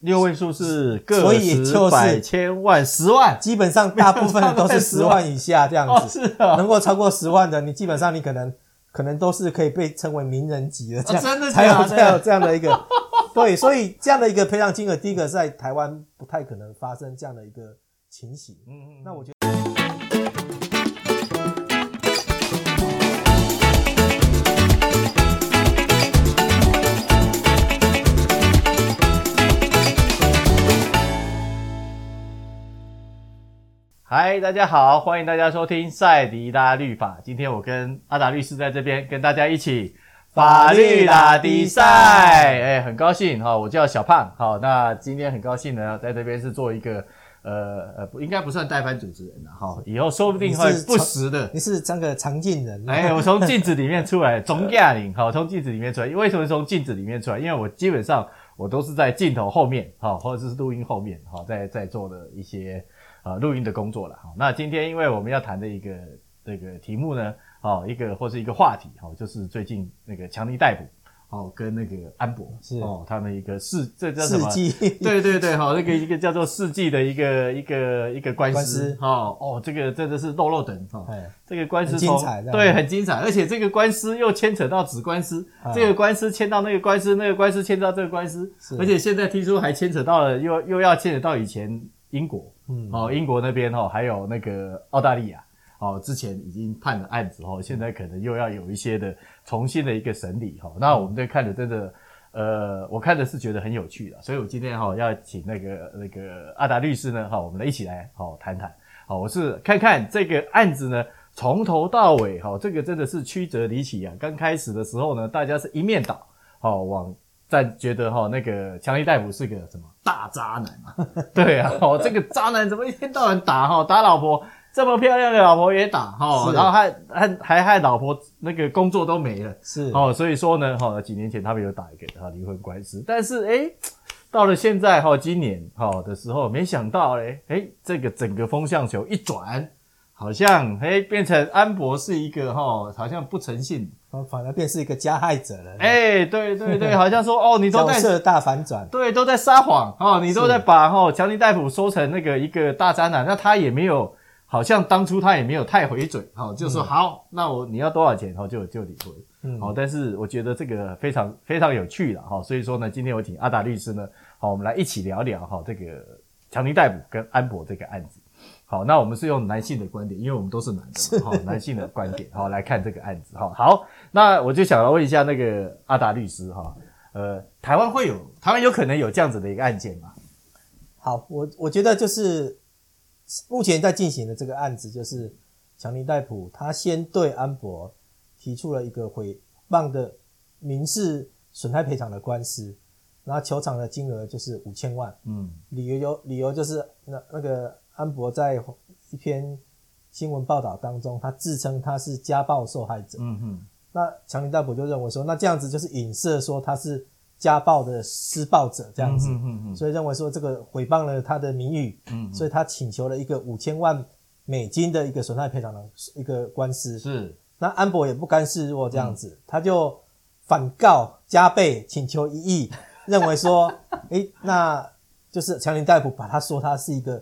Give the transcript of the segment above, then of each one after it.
六位數是個位數，所以就是千萬、十萬，基本上大部分都是十萬以下這樣子。哦、是的，能夠超過十萬的，你基本上你可能、可能都是可以被稱為名人級的這樣，哦、真的這樣才有這樣、啊、這樣、這樣的一個。 對，所以這樣的一個賠償金額， 第一個在台灣不太可能發生這樣的一個情形。嗯嗯，那我覺得。嗨，Hi, 大家好，歡迎大家收聽塞迪拉律法。今天我跟阿達律師在這邊跟大家一起法律啦底賽。誒、欸、很高興哈、喔，我叫小胖。好、喔，那今天很高興呢，在這邊是做一個呃呃，應該不算代班主持人了哈、喔。以後說不定會不時的。你是這不個長鏡人、啊欸？誒我從鏡子裡面出來，從家裡好，從、喔、鏡子裡面出來。為什麼從鏡子裡面出來？因為我基本上我都是在鏡頭後面哈、喔，或者是錄音後面哈、喔，在在做的一些。呃，錄音的工作了哈。那今天因為我們要談的一個那個題目呢，哦，一個或是一個話題哦，就是最近那個強尼戴普哦，跟那個安珀是哦，他們一個世，這叫什麼？世紀對對對，好，那個一個叫做世紀的一個一個一個官司哈司哦，這個真的是漏漏等哈，嘿這個官司精彩，對，很精彩，而且這個官司又牽扯到子官司，啊、這個官司牽到那個官司，那個官司牽到這個官司，是而且現在聽說還牽扯到了，又又要牽扯到以前。英國，嗯，哦，英國那邊哦，還有那個澳大利亞，哦，之前已經判了案子哦，現在可能又要有一些的重新的一個審理哈。嗯、那我們在看着，真的，呃，我看着是覺得很有趣的，所以我今天哈、哦、要請那個那個阿達律師呢哈、哦，我們一起來好談談。好、哦哦，我是看看這個案子呢從頭到尾哈、哦，這個真的是曲折離奇啊。剛開始的時候呢，大家是一面倒哦，往在覺得哈、哦、那個強尼戴普是個什麼？大渣男嘛，啊， 對啊，哦，這個渣男怎麼一天到晚打哈打老婆，這麼漂亮的老婆也打哈，是然後還還還害老婆那個工作都沒了，是哦，所以說呢，哈，幾年前他們有打一個哈離婚官司，但是哎，到了現在哈今年哈的時候，沒想到咧哎這個整個風向球一轉，好像哎變成安珀是一個哈好像不誠信。哦，反而便是一個加害者了。哎、欸，對對對，好像說 哦，你都在角色大反轉，對，都在撒謊哦，你都在把是哦強尼戴普說成那個一個大渣男，那他也沒有，好像當初他也沒有太回嘴哈、哦，就說、嗯、好，那我你要多少錢，吼、哦、就就離婚。嗯、好，但是我覺得這個非常非常有趣了哈、哦，所以說呢，今天我請阿達律師呢，好，我們來一起聊一聊哈、哦、這個強尼戴普跟安珀這個案子。好，那我們是用男性的觀點，因為我們都是男的，好是男性的觀點， 好來看這個案子，好，好，那我就想要問一下那個阿達律師哈，呃，台灣會有，台灣有可能有這樣子的一個案件嗎？好，我我覺得就是目前在進行的這個案子，就是強尼戴普他先對安珀提出了一個毀謗的民事損害賠償的官司，然後求償的金額就是五千萬，嗯，理由有理由就是那那個。安珀在一篇新聞報道當中，他自稱他是家暴受害者。嗯哼那強尼戴普就認為說，那這樣子就是影射說他是家暴的施暴者這樣子。嗯嗯所以認為說這個毀謗了他的名譽。嗯、哼所以他請求了一個五千萬美金的一個損害賠償的一個官司。是。那安珀也不甘示弱，這樣子、嗯、他就反告加倍請求一億， 認為說，哎、欸，那就是強尼戴普把他說他是一個。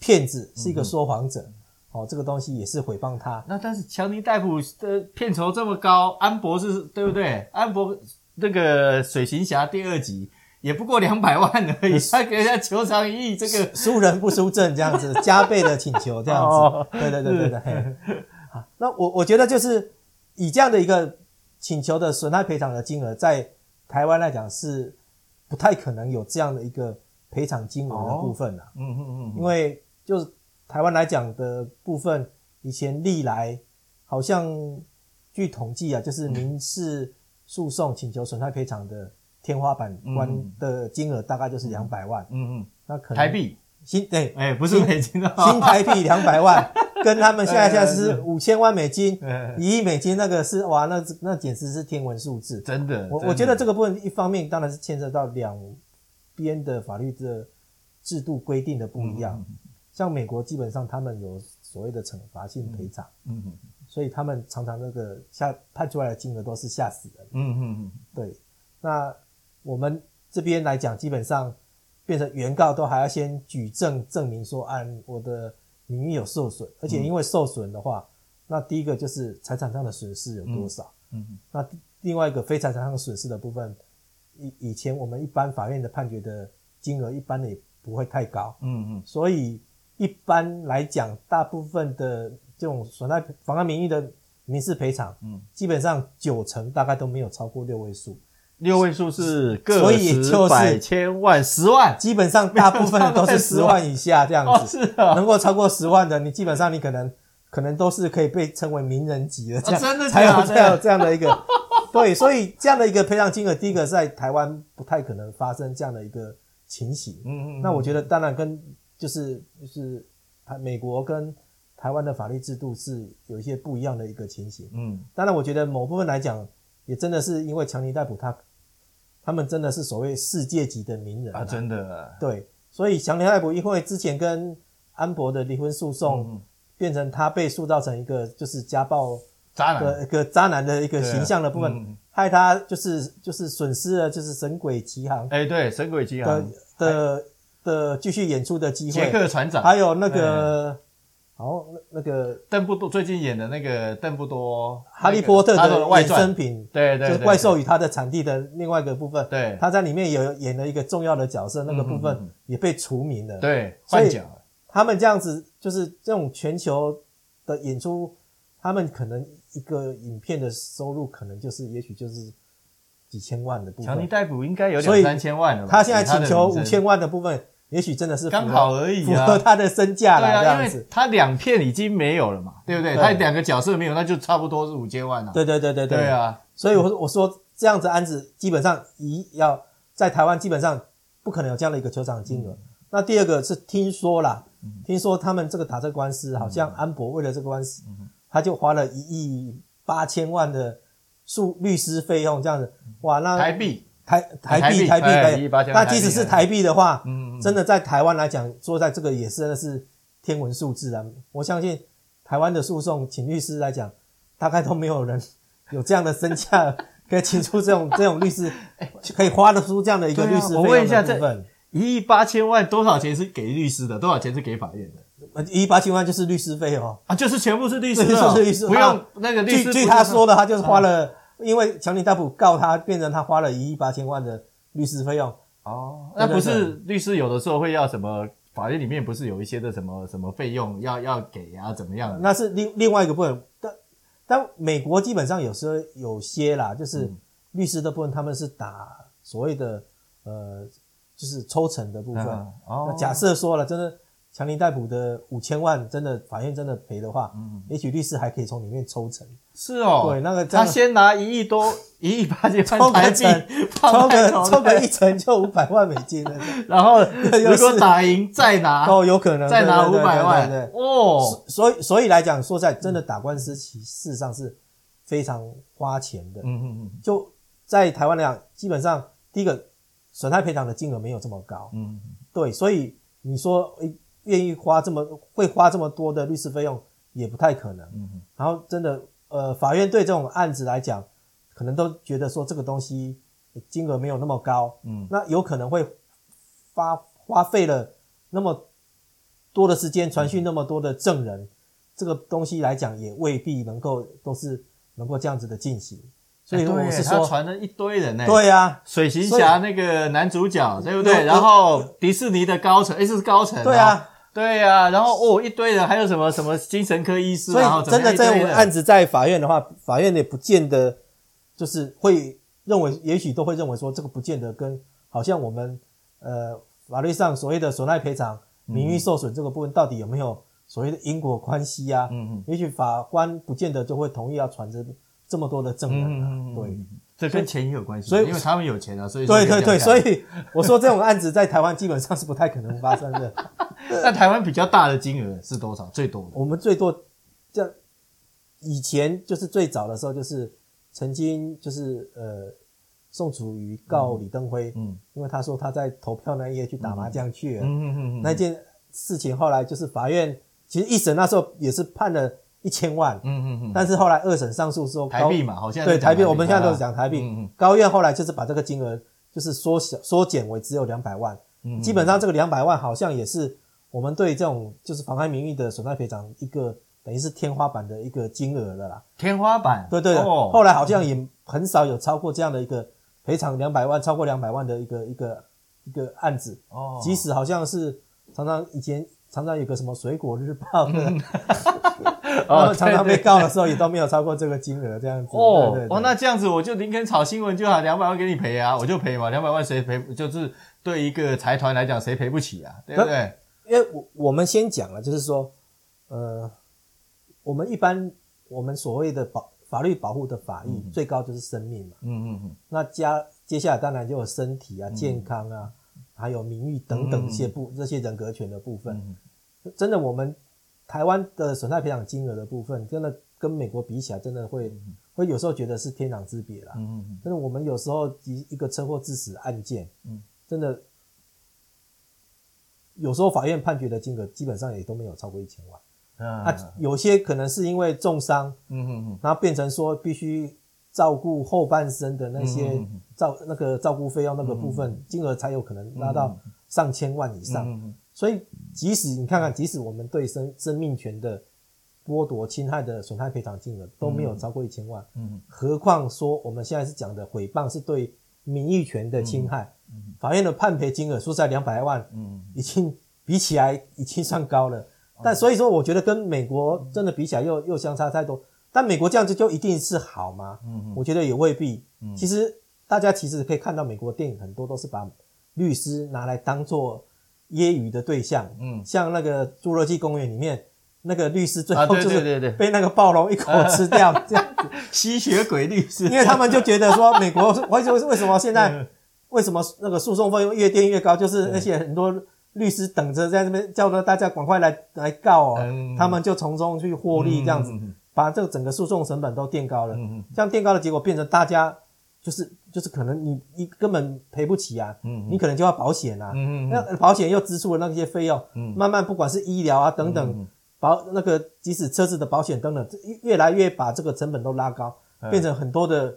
騙子，是一個說謊者，嗯、哼哦，這個東西也是誹謗他。那但是，強尼·戴普的片酬這麼高，安珀是，對不對？嗯、安珀那個《水行俠》第二集也不過兩百萬而已，嗯、他給人家求償一億，這個輸人不輸陣這樣子， 加倍的請求這樣子，對、哦、對對對對。是好，那我我覺得就是以這樣的一個請求的損害賠償的金額，在台灣來講是不太可能有這樣的一個賠償金額的部分的、啊哦。嗯哼嗯嗯，因為。就是台灣來講的部分，以前歷來好像據統計啊，就是民事訴訟請求損害賠償的天花板關的金額大概就是兩百萬。嗯嗯，嗯嗯嗯，那可能台幣幣、欸、新對哎、欸，不是美金啊、哦，新台幣兩百萬， 跟他們現在是五千萬美金、 一億美金那個是哇，那那簡直是天文數字真，真的，我我覺得這個部分一方面當然是牽涉到兩邊的法律的制度規定的不一樣。嗯像美國基本上他們有所謂的懲罰性賠償、嗯，嗯,嗯所以他們常常那個下判出來的金額都是嚇死人的嗯，嗯,嗯對。那我們這邊來講，基本上變成原告都還要先舉證證明說，哎，我的名譽有受損，而且因為受損的話，嗯、那第一個就是財產上的損失有多少，嗯,嗯,嗯,嗯那另外一個非財產上的損失的部分，以以前我們一般法院的判決的金額一般也不會太高，嗯嗯，嗯嗯所以。一般來講，大部分的這種損害妨礙名譽的民事賠償，嗯，基本上九成大概都沒有超過六位數，六位數是，所以就是百千萬十、就是、萬，基本上大部分都是十萬以下這樣子，哦是喔、能夠超過十萬的，你基本上你可能可能都是可以被稱為名人級的這樣，啊、真的假的才有才有這樣的一個， 對，所以這樣的一個賠償金額，第一個在台灣不太可能發生這樣的一個情形，嗯嗯,嗯，那我覺得當然跟。就是就是美國跟台灣的法律制度是有一些不一樣的一個情形，嗯，當然我覺得某部分來講，也真的是因為強尼戴普，他，他們真的是所謂世界級的名人啊，真的、啊，對，所以強尼戴普因為之前跟安博的離婚訴訟，變成他被塑造成一個就是家暴渣男一個渣男的，的一個形象的部分，害他就是就是損失了就是神鬼奇航、欸《神鬼奇航》哎，對，《神鬼奇航》的。的繼續演出的機會，傑克船長，還有那個，好，那個鄧布多最近演的那個鄧布多《哈利波特》他的衍生品，對對，就《怪獸與它的產地》的另外一個部分，對，他在裡面有演了一個重要的角色，那個部分也被除名了，對，換角。他們這樣子就是這種全球的演出，他們可能一個影片的收入可能就是也許就是幾千萬的部分，強尼戴普應該有兩三千萬的，他現在請求五千萬的部分。也許真的是剛好而已，啊，符合他的身價來這樣子。啊、他兩片已經沒有了嘛，對不對？對了他兩個角色沒有，那就差不多是五千萬了，啊。對對對對對。對啊，所以我說我說，這樣子案子基本上一要在台灣基本上不可能有這樣的一個求償的金額。嗯、那第二個是聽說啦，嗯、聽說他們這個打這個官司，好像安珀為了這個官司，嗯、他就花了一億八千萬的數律師費用這樣子。哇，那台幣。台台幣，台幣的。那即使是台幣的話，嗯，真的在台灣來講，坐在這個也是那是天文數字啊！我相信台灣的訴訟，請律師來講，大概都沒有人有這樣的身價，可以請出這種這種律師，可以花得出這樣的一個律師費。我問一下，這一億八千萬多少錢是給律師的？多少錢是給法院的？一億八千萬就是律師費哦。啊，就是全部是律師費，是律師費，不用那個律師。據他說的，他就是花了。因為強尼戴普告他，變成他花了一億八千萬的律師費用哦。那不是律師有的時候會要什麼？法院裡面不是有一些的什麼什麼費用要要給啊？怎麼樣、啊？那是另另外一個部分。但但美國基本上有時候有些啦，就是律師的部分他們是打所謂的呃，就是抽成的部分。嗯、哦，假設說了真的。強尼戴普的五千萬，真的法院真的賠的話，也許律師還可以從裡面抽成。是哦，對，那個他先拿一億多，一億八千塊台幣，抽個抽個一成就五百萬美金了。然後如果打贏，再拿哦，有可能再拿五百萬，對哦，所以所以來講，說實在真的打官司其事實上是非常花錢的。嗯嗯嗯，就在台灣來講，基本上第一個損害賠償的金額沒有這麼高。嗯，對，所以你說願意花這麼會花這麼多的律師費用也不太可能。然後真的呃，法院對這種案子來講，可能都覺得說這個東西金額沒有那麼高。嗯、那有可能會花花費了那麼多的時間，傳訊那麼多的證人，嗯、這個東西來講也未必能夠都是能夠這樣子的進行。欸、所以我是說傳了一堆人呢、欸。對呀、啊，水行俠那個男主角以對不對？然後迪士尼的高層哎，這、欸、是高層、啊。對啊。對啊，然後哦，一堆人，還有什麼什麼精神科醫師、啊，所以真的在我們案子在法院的話，嗯、法院也不見得就是會認為，也許都會認為說這個不見得跟好像我們呃法律上所謂的損害賠償、名譽受損這個部分到底有沒有所謂的因果關係啊？嗯嗯哼，也許法官不見得就會同意要傳這這麼多的證人啊，嗯哼嗯哼對。這跟錢也有關係，所以因為他們有錢啊，所以,所以對對對，所以 我說這種案子在台灣基本上是不太可能發生的。在台灣比較大的金額是多少？最多的？我們最多，這樣以前就是最早的時候，就是曾經就是呃，宋楚瑜告李登輝，嗯，因為他說他在投票那一夜去打麻將去了，嗯嗯嗯，那件事情後來就是法院其實一審那時候也是判了。一千萬，嗯嗯嗯，但是後來二審上訴說台幣嘛，好像對台幣，我們現在都是講台幣。高院後來就是把這個金額就是縮小縮減為只有兩百萬，基本上這個兩百萬好像也是我們對這種就是妨害名譽的損害賠償一個等於是天花板的一個金額了啦。天花板，對對對的。後來好像也很少有超過這樣的一個賠償兩百萬，超過兩百萬的一個一個一個案子，即使好像是常常以前常常有個什麼《水果日報》。哦、對對，常常被告的時候也都沒有超過這個金額這樣子哦。對對對哦，那這樣子我就寧肯炒新聞，就拿兩百萬給你賠啊，我就賠嘛，兩百萬誰賠？就是對一個財團來講，誰賠不起啊？對不對？因為我我們先講了，就是說，呃，我們一般我們所謂的保法律保護的法益，最高就是生命嘛，嗯嗯嗯。嗯嗯嗯，那加接下來當然就有身體啊、嗯、健康啊，還有名譽等等一些部、嗯、這些人格權的部分。嗯嗯嗯、真的我們。台灣的損害賠償金額的部分，真的跟美國比起來，真的會會有時候覺得是天壤之別啦。嗯嗯哼但是我們有時候一一個車禍致死案件，嗯，真的有時候法院判決的金額基本上也都沒有超過一千萬。啊、啊。有些可能是因為重傷，嗯嗯嗯，然後變成說必須照顧後半生的那些、嗯、哼照那個照顧費用那個部分、嗯、哼金額才有可能拉到上千萬以上。嗯。嗯所以，即使你看看，即使我們對生生命權的剝奪、侵害的損害賠償金額都沒有超過一千萬，嗯嗯、何況說我們現在是講的誹謗是對名譽權的侵害，嗯嗯嗯、法院的判賠金額說實在兩百萬，嗯嗯、已經比起來已經算高了。嗯、但所以說，我覺得跟美國真的比起來又、嗯、又相差太多。但美國這樣子就一定是好嗎？嗯嗯、我覺得也未必。嗯、其實大家其實可以看到，美國電影很多都是把律師拿來當做。揶揄的對象，嗯，像那個《侏羅紀公園》裡面、嗯、那個律師，最後就是被那個暴龍一口吃掉，這樣子、啊、對對對 吸血鬼律師。因為他們就覺得說，美國，我為什麼現在為什麼那個訴訟費用越墊越高？就是那些很多律師等着在這邊叫着大家，趕快來來告、哦嗯、他們就從中去獲利，這樣子把這個整個訴訟成本都墊高了。這樣墊高的結果，變成大家，就是就是可能你你根本賠不起啊，嗯哼，你可能就要保險啊，嗯那哼保險又支出了那些費用，嗯、哼慢慢不管是醫療啊等等，嗯、哼保那個即使車子的保險等等，越越來越把這個成本都拉高，嗯、哼變成很多的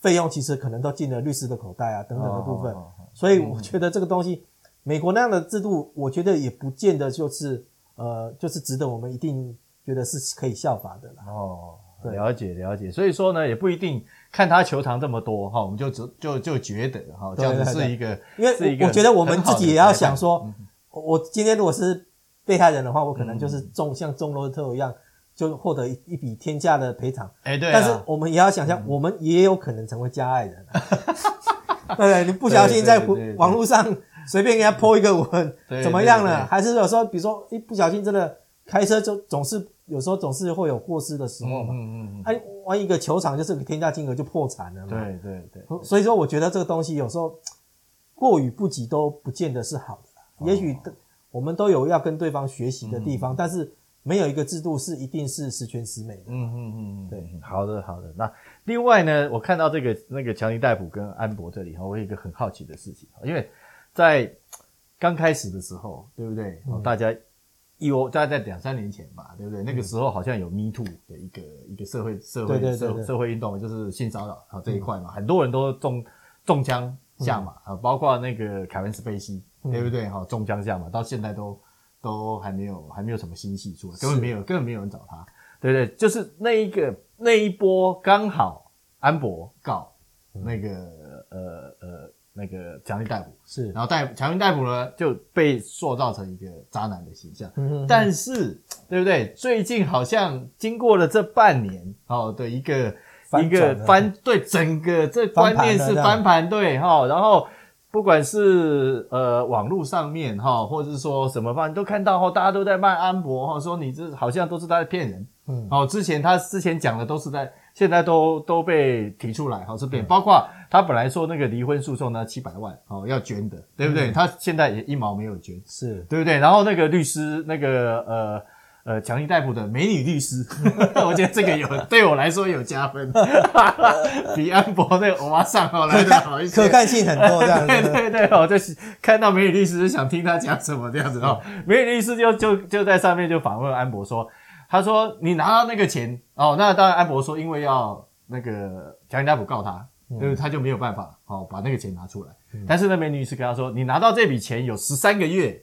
費用，其實可能都進了律師的口袋啊等等的部分，哦、所以我覺得這個東西，嗯、哼美國那樣的制度，我覺得也不見得就是呃就是值得我們一定覺得是可以效法的了。哦，對了解了解，所以說呢也不一定。看他求償這麼多哈，我們就只就就覺得哈，這樣子是一個對對對，因為我覺得我們自己也要想說，嗯、我今天如果是被害人的話，我可能就是中、嗯、像中樂透一樣，就獲得一一筆天價的賠償。哎、欸，對啊、但是我們也要想象嗯、我們也有可能成為加害人。 對，你不小心在網路上隨便給他 PO 一個文，怎麼樣呢？還是有時候，比如說一、欸、不小心，真的開車就總是。有時候總是會有過失的時候嘛，哎、嗯，玩、嗯嗯啊、一,一個球場就是個天價金額就破產了嘛。對對對，對對對，所以說我覺得這個東西有時候過與不及都不見得是好的。哦、也許我們都有要跟對方學習的地方，嗯、但是沒有一個制度是一定是十全十美的。嗯嗯嗯對，好的好的。那另外呢，我看到這個那個強尼戴普跟安珀這裡哈，我有一個很好奇的事情，因為在剛開始的時候，對不對？大家、嗯。有大概在兩三年前吧，對不對？嗯、那個時候好像有 Me Too 的一個一個社會社會，對對對對，社會社會運動，就是性騷擾啊這一塊嘛，嗯、很多人都中中槍下馬啊，包括那個凱文·史貝西，對不對？哈，中槍下馬，嗯、到現在都都還沒有還沒有什麼新戲出來，根本沒有是根本沒有人找他，對不對？就是那一個那一波剛好安珀告，嗯、那個呃呃。呃那個強尼戴普是，然後帶強尼戴普呢就被塑造成一個渣男的形象，是但是對不對？最近好像經過了這半年，哦，的一個的一個翻對整個這觀念是翻盤對哈，然後不管是呃網絡上面哈、哦，或者是說什麼方你都看到哈、哦，大家都在罵安珀哈、哦，說你這好像都是他在騙人，嗯，哦，之前他之前講的都是在。現在都都被提出來，好這邊包括他本來說那個離婚訴訟呢，七百萬哦要捐的，對不對？嗯、他現在也一毛沒有捐，是對不對？然後那個律師，那個呃呃強尼戴普的美女律師， 我覺得這個有 對我來說有加分，哈哈哈比安珀那個歐巴桑哦來的好一些，可看性很多這樣子。 是 對對， 對，對我就看到美女律師，想聽她講什麼這樣子哦。 美女律師就就就在上面就訪問安珀說。他說：“你拿到那個錢哦，那當然安珀說，因為要那個強尼戴普告他，嗯、就是他就沒有辦法哦，把那個錢拿出來。嗯、但是那名女士跟他說，你拿到這筆錢有十三個月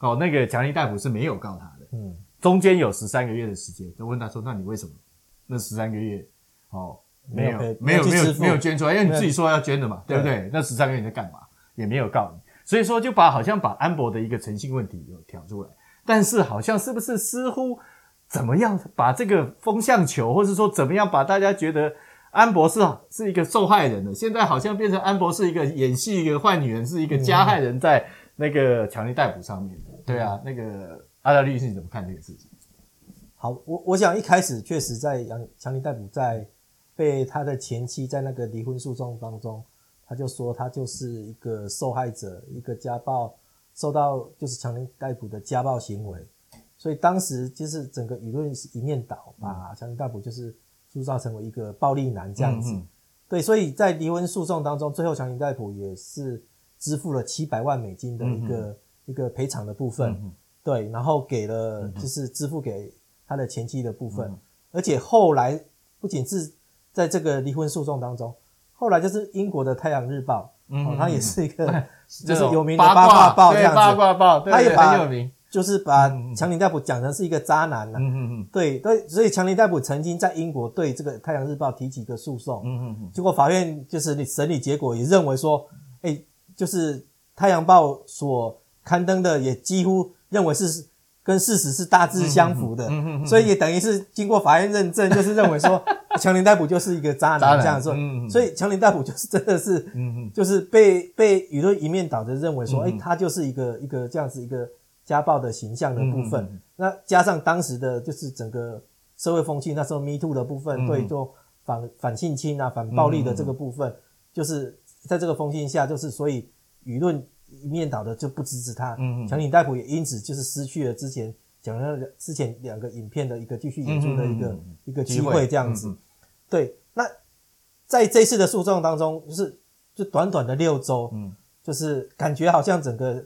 哦，那個強尼戴普是沒有告他的。嗯，中間有十三個月的時間，就問他說：那你為什麼那十三個月哦沒有沒有沒有，沒有，沒，有沒有捐出來？因為你自己說要捐的嘛，對，對不對？那十三個月你在幹嘛？也沒有告你，所以說就把好像把安珀的一個誠信問題有挑出來，但是好像是不是似乎？怎麼樣把這個風向球，或者說怎麼樣把大家覺得安珀是一個受害人的，現在好像變成安珀一個演戲，一個壞女人，是一個加害人在那個強尼戴普上面、嗯、對啊，嗯、那個阿達律師你怎麼看這個事情？好，我我想一開始確實在楊強尼戴普在被他的前妻在那個離婚訴訟當中，他就說他就是一個受害者，一個家暴受到就是強尼戴普的家暴行為。所以當時就是整個輿論是一面倒，把強尼戴普就是塑造成為一個暴力男這樣子。嗯、哼對，所以在離婚訴訟當中，最後強尼戴普也是支付了七百萬美金的一個、嗯、哼一個賠償的部分。嗯、哼對，然後給了就是支付給他的前妻的部分。嗯、哼而且後來不僅是在這個離婚訴訟當中，後來就是英國的《太陽日報》嗯哼，嗯、哦，它也是一個就是有名的八卦報這樣子八卦報，對，八卦報，對，它也很有名。就是把強尼戴普講成是一個渣男了，啊，對對，所以強尼戴普曾經在英國對這個《太陽日報》提起一個訴訟，結果法院就是審理結果也認為說，哎，就是《太陽報》所刊登的也幾乎認為是跟事實是大致相符的，所以也等於是經過法院認證，就是認為說強尼戴普就是一個渣男這樣說，所以強尼戴普就是真的是，就是被被輿論一面倒的認為說，哎，他就是一個一個這樣子一個。家暴的形象的部分，那加上當時的就是整個社會風氣，那時候 Me Too 的部分，嗯、對做，就反反性侵啊、反暴力的這個部分，嗯、就是在這個風氣下，就是所以輿論一面倒的就不支持他。嗯強尼戴普也因此就是失去了之前講了之前兩個影片的一個繼續演出的一個一個、嗯嗯嗯、機會，這樣子。嗯嗯、對，那在這次的訴狀當中，就是就短短的六周，嗯，就是感覺好像整個。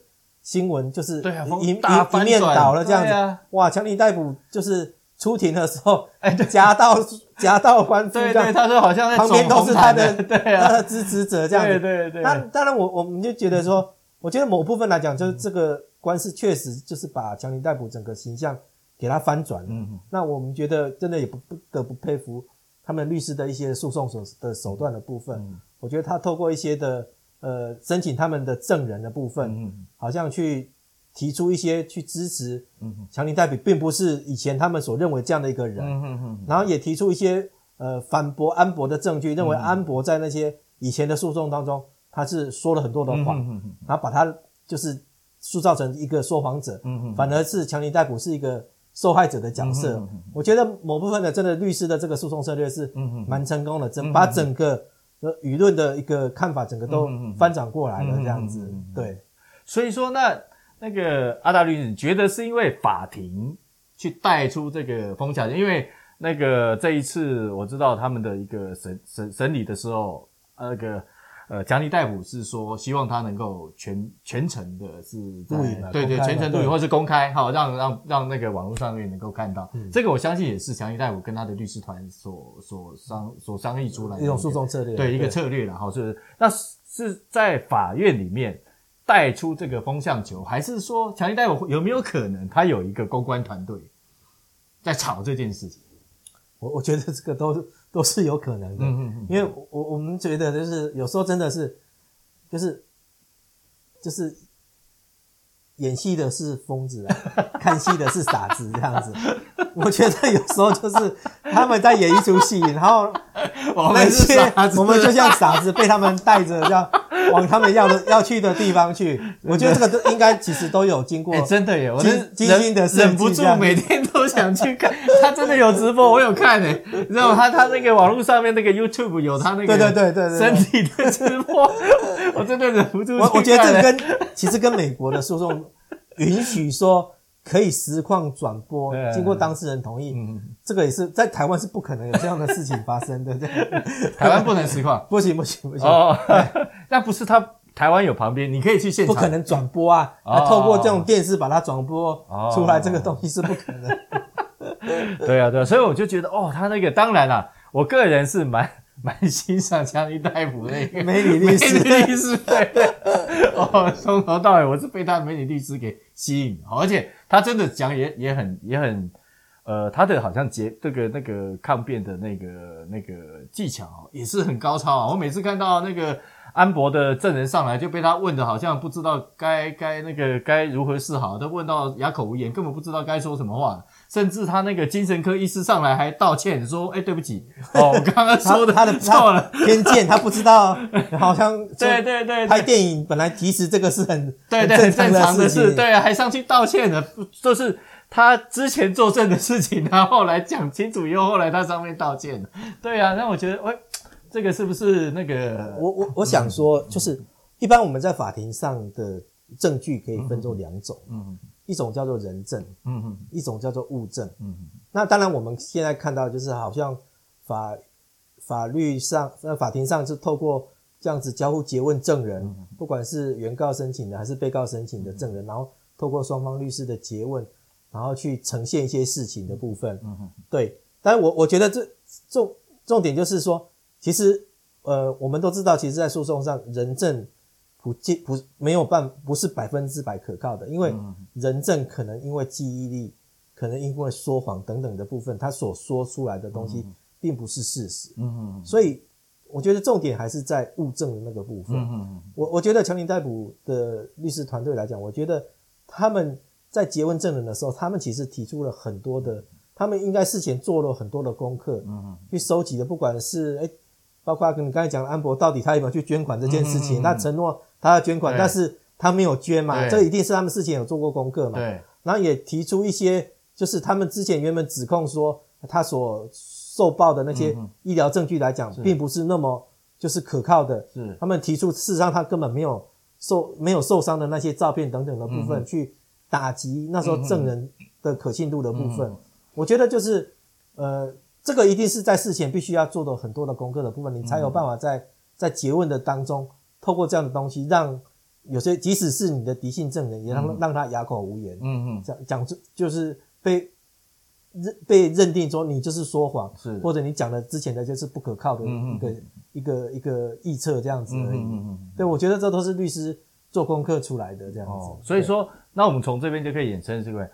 新聞就是一一、啊、面倒了這樣子，啊、哇！強尼戴普就是出庭的時候夾道，哎 對，夾道夾道觀眾， 對，對，對，他說好像旁邊都是他的、 啊、他的支持者這樣子。對，對對對。當然，我我們就覺得說，嗯、我覺得某部分來講，就是這個官司確實就是把強尼戴普整個形象給他翻轉。了、嗯、那我們覺得真的也不不得不佩服他們律師的一些訴訟手的手段的部分。嗯、我覺得他透過一些的。呃，申請他們的證人的部分，好像去提出一些去支持，強尼戴普並不是以前他們所認為這樣的一個人，嗯、哼哼哼然後也提出一些呃反駁安博的證據，認為安博在那些以前的訴訟當中，他是說了很多的謊，嗯、哼哼哼然後把他就是塑造成一個說謊者，嗯、哼哼哼反而是強尼戴普是一個受害者的角色。嗯、哼哼哼我覺得某部分的這個律師的這個訴訟策略是蠻成功的，整、嗯、把整個。輿論的一個看法，整個都翻轉過來了，這樣子。嗯嗯嗯、對，所以說那，那那個阿達律師你覺得是因為法庭去帶出這個風潮，因為那個這一次我知道他們的一個審審審理的時候，啊、那個。呃，強尼戴普是說希望他能夠全全程的是、啊、對對，對全程錄音或是公開好，對讓讓讓那個網絡上面能夠看到、嗯、這個我相信也是強尼戴普跟他的律師團所所商所商議出來的一種訴訟策略對，對一個策略然後對是那是在法院裡面帶出這個風向球，還是說強尼戴普有沒有可能他有一個公關團隊在吵這件事情？我我覺得這個都是。都是有可能的，因為我我們覺得就是有時候真的是、就是，就是就是演戲的是瘋子、啊，看戲的是傻子這樣子。 我覺得有時候就是他們在演一出戲，然後我們是我們就像傻子被他們帶着，這樣往他們要的要去的地方去。的我覺得這個都應該其實都有經過、欸，真的耶！我忍忍，忍，忍，的忍不住每天。 我想去看，他真的有直播，我有看呢、欸，你知道他他那個網絡上面那個 YouTube 有他那個對對對對身體的直播，我真的忍不住。欸、 我，我覺得這跟其實跟美國的訴訟允許說可以實況轉播，經過當事人同意，這個也是在台灣是不可能有這樣的事情發生，對不對？ 台灣不能實況， 不行不行不行哦，oh、對 那不是他。台灣有旁邊，你可以去現場。不可能轉播啊！哦、透過這種電視把它轉播出來，這個東西是不可能、哦。哦哦、 對啊，對啊，所以我就覺得，哦，他那個當然啦、啊，我個人是蠻蠻欣賞像一大夫那個美女律師，美女律師對，從對、哦、頭到尾我是被他的美女律師給吸引，好，而且他真的講也也很也很，呃，他的好像節這個那個抗辯的那個那個技巧啊，也是很高超啊。我每次看到那個。安博的證人上來就被他問的，好像不知道該該那個該如何是好，都問到啞口無言，根本不知道該說什麼話。甚至他那個精神科醫師上來還道歉，說：“哎、欸，對不起，哦，我剛剛說的他，他的錯了，偏見，他不知道。” 好像對對對，拍電影本來其實這個是很對對，對很正常的事情，對、啊，還上去道歉了，就是他之前作證的事情，然後來講清楚以後，又後來他上面道歉了。對呀、啊，那我覺得我。欸這個是不是那個？我我我想說，就是一般我們在法庭上的證據可以分作兩種，嗯，一種叫做人證，嗯嗯，一種叫做物證，嗯嗯。那當然我們現在看到就是好像法法律上法庭上是透過這樣子交互詰問證人，不管是原告申請的還是被告申請的證人，然後透過雙方律師的詰問，然後去呈現一些事情的部分，嗯嗯，對。但我我覺得這重重點就是說。其實，呃，我們都知道，其實，在訴訟上，人證不記不，不沒有辦不是百分之百可靠的，因為人證可能因為記憶力，可能因為說謊等等的部分，他所說出來的東西並不是事實。嗯嗯。所以，我覺得重點還是在物證的那個部分。嗯嗯。我我覺得強尼戴普的律師團隊來講，我覺得他們在詰問證人的時候，他們其實提出了很多的，他們應該事前做了很多的功課，嗯嗯，去收集的，不管是哎。包括跟你剛才講的安珀，到底他有沒有去捐款這件事情？他承諾他要捐款，但是他沒有捐嘛，這一定是他們之前有做過功課嘛。對。然後也提出一些，就是他們之前原本指控說他所受暴的那些醫療證據來講，並不是那麼就是可靠的。是。他們提出事實上他根本沒有受沒有受傷的那些照片等等的部分去打擊那時候證人的可信度的部分。我覺得就是呃。這個一定是在事前必須要做的很多的功課的部分，你才有辦法在在詰問的當中，透過這樣的東西，讓有些即使是你的敵性證人，也讓讓他啞口無言。嗯嗯哼，講講就就是被認被認定說你就是說謊，是的或者你講的之前的就是不可靠的一個、嗯、哼一個一個臆測這樣子而已。嗯嗯哼，對我覺得這都是律師做功課出來的這樣子。哦、所以說，對那我們從這邊就可以衍生這個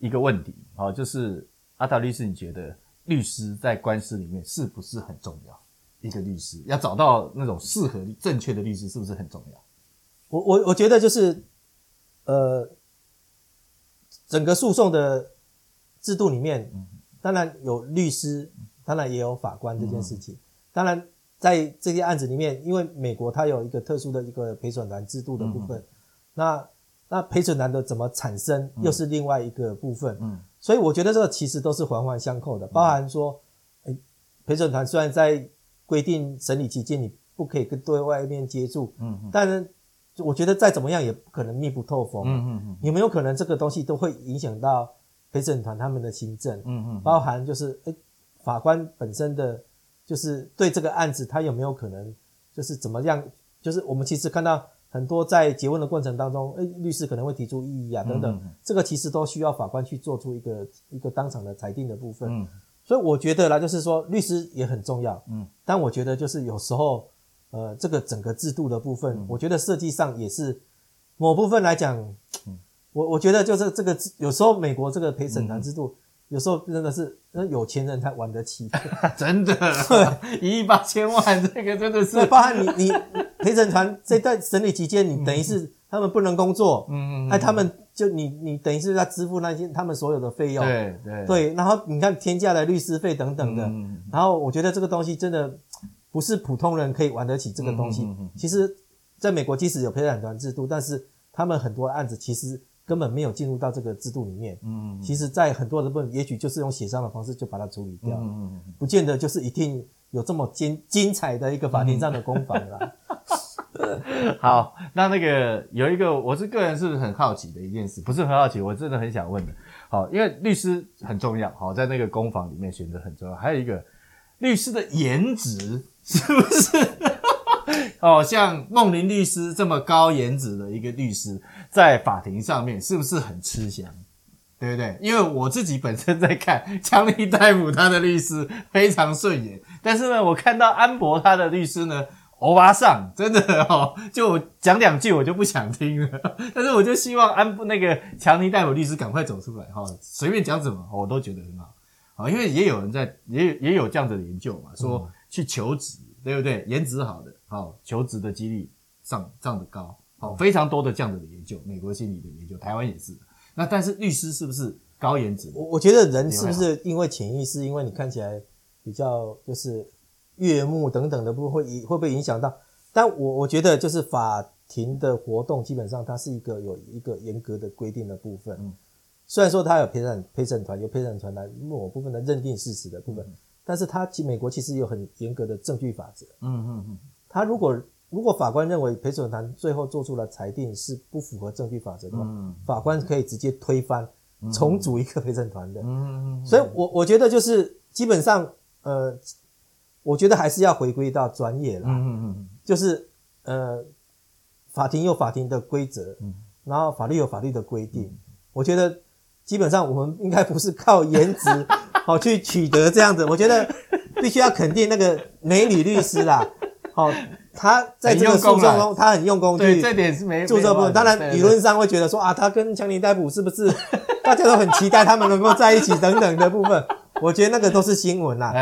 一個問題，好、哦，就是阿達律師，你覺得？律師在官司裡面是不是很重要？一個律師要找到那種適合正確的律師是不是很重要？我我我覺得就是，呃，整個訴訟的制度裡面，當然有律師，當然也有法官這件事情。嗯、當然，在這些案子裡面，因為美國它有一個特殊的一個陪審團制度的部分，嗯、那那陪審團的怎麼產生又是另外一個部分。嗯。嗯所以我覺得這個其實都是環環相扣的，包含說，欸、陪審團雖然在規定審理期間你不可以跟對外面接觸，嗯、哼但是我覺得再怎麼樣也不可能密不透風，嗯、哼哼有沒有可能這個東西都會影響到陪審團他們的心證，包含就是、欸、法官本身的就是對這個案子他有沒有可能就是怎麼樣？就是我們其實看到。很多在結婚的過程當中，誒、欸、律師可能會提出異議啊，等等，嗯、這個其實都需要法官去做出一個一個當場的裁定的部分。嗯、所以我覺得啦，就是說律師也很重要。嗯、但我覺得就是有時候，呃，這個整個制度的部分，嗯、我覺得設計上也是某部分來講，我我覺得就是這個有時候美國這個陪審團制度。嗯嗯有時候真的是，那有錢人才玩得起， 真的，對 一億八千萬，這個真的是。對包含你，你陪審團這段審理期間，你等於是他們不能工作，嗯嗯，嗯、啊，他們就你你等於是要支付那些他們所有的費用，對對對，然後你看天價的律師費等等的，嗯、然後我覺得這個東西真的不是普通人可以玩得起這個東西。嗯嗯嗯、其實，在美國即使有陪審團制度，但是他們很多案子其實。根本沒有進入到這個制度裡面。嗯其實，在很多的部分，也許就是用協商的方式就把它處理掉嗯嗯，嗯嗯，不見得就是一定有這麼精精彩的一個法庭上的攻防啦、嗯、 好，那那個有一個，我是個人是不是很好奇的一件事，不是很好奇，我真的很想問的。好，因為律師很重要，好，在那個攻防裡面選擇很重要。還有一個，律師的顏值是不是？是哦，像孟林律師這麼高顏值的一個律師，在法庭上面是不是很吃香？對不對？因為我自己本身在看強尼戴普他的律師非常順眼，但是呢，我看到安珀他的律師呢，歐巴桑真的哦，就講兩句我就不想聽了。但是我就希望安那個強尼戴普律師趕快走出來哈、哦，隨便講什麼、哦、我都覺得很好啊、哦，因為也有人在也也有這樣子的研究嘛，說去求職、嗯、對不對？顏值好的。好，求職的幾率上上得高，好，非常多的這樣子的研究，美國心理的研究，台灣也是。那但是律師是不是高顏值？我我覺得人是不是因為潛意識，因為,因為你看起來比較就是悅目等等的部分會，會會不會影響到？但我我覺得就是法庭的活動，基本上它是一個有一個嚴格的規定的部分。嗯，雖然說它有陪審陪審團，有陪審團來某部分的認定事實的部分，但是它其美國其實有很嚴格的證據法則。嗯嗯嗯。他如果如果，法官認為陪審團最後做出了裁定是不符合證據法則的話，嗯、法官可以直接推翻，嗯、重組一個陪審團的。嗯嗯嗯、所以我，我我覺得就是基本上，呃，我覺得還是要回歸到專業啦、嗯。嗯嗯嗯。就是呃，法庭有法庭的規則，嗯、然後法律有法律的規定。嗯、我覺得基本上我們應該不是靠顏值好， 去取得這樣子。我覺得必須要肯定那個美女律師啦。 好，他在這個訴訟中，很他很用功去。對，這點是沒。著作部分，當然理論上會覺得說啊，他跟強尼戴普是不是？ 大家都很期待他們能夠在一起等等的部分。 我覺得那個都是新聞啦。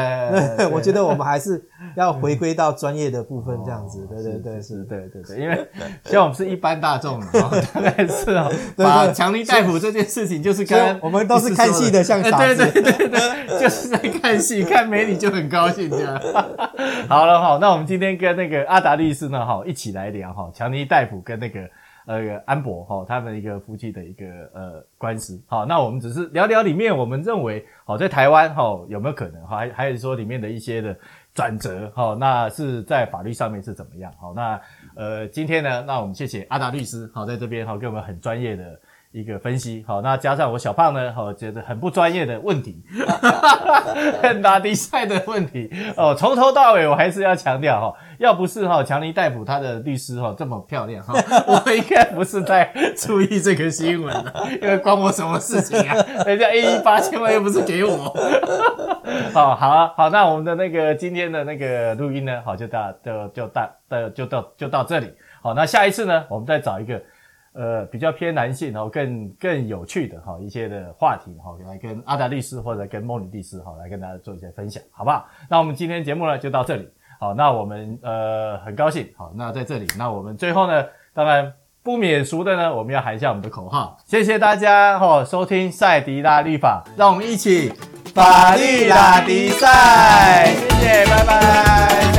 我覺得我們還是要回歸到專業的部分，這樣子，嗯、對對對，是對對對，是是 因為像我們是一般大眾嘛，對是啊，把強尼戴普這件事情就是跟我們都是看戲的，戲的，像對對對對，就是在看戲， 看美女就很高興這樣。 好了好，喔，那我們今天跟那個阿達律師呢哈一起來聊哈強尼戴普跟那個。呃，安珀哈、哦、他們一個夫妻的一個呃官司，好、哦，那我們只是聊聊裡面，我們認為好、哦、在台灣哈、哦、有沒有可能哈、哦，還還有說裡面的一些的轉折哈、哦，那是在法律上面是怎麼樣好、哦，那呃今天呢，那我們謝謝阿達律師好、哦、在這邊好給我們很專業的。一個分析，好，那加上我小胖呢，哈，覺得很不專業的問題，哈哈哈，很拉低賽的問題，哦，從頭到尾我還是要強調哈，要不是哈強、哦、尼戴普他的律師哈、哦、這麼漂亮哈，哦、 我應該不是在注意這個新聞的， 因為關我什麼事情啊？人家 A 八、e、千萬又不是給我，哈哈哈。哦，好啊，好，那我們的那個今天的那個錄音呢，好就到就就到就就到，就到，就，到就到這裡，好，那下一次呢，我們再找一個。呃，比較偏男性，然後、哦、更更有趣的哈、哦、一些的話題哈、哦，來跟阿達律師或者跟莫尼律師哈，來跟大家做一些分享，好不好？那我們今天節目呢就到這裡，好、哦，那我們呃很高興，好、哦，那在這裡，那我們最後呢，當然不免俗的呢，我們要喊一下我們的口號，謝謝大家哈、哦，收聽賽迪拉律法，讓我們一起法律啦底賽，謝謝，拜拜。